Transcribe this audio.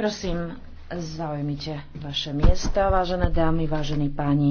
Prosím, zaujmite vaše miesta, vážené dámy, vážení páni.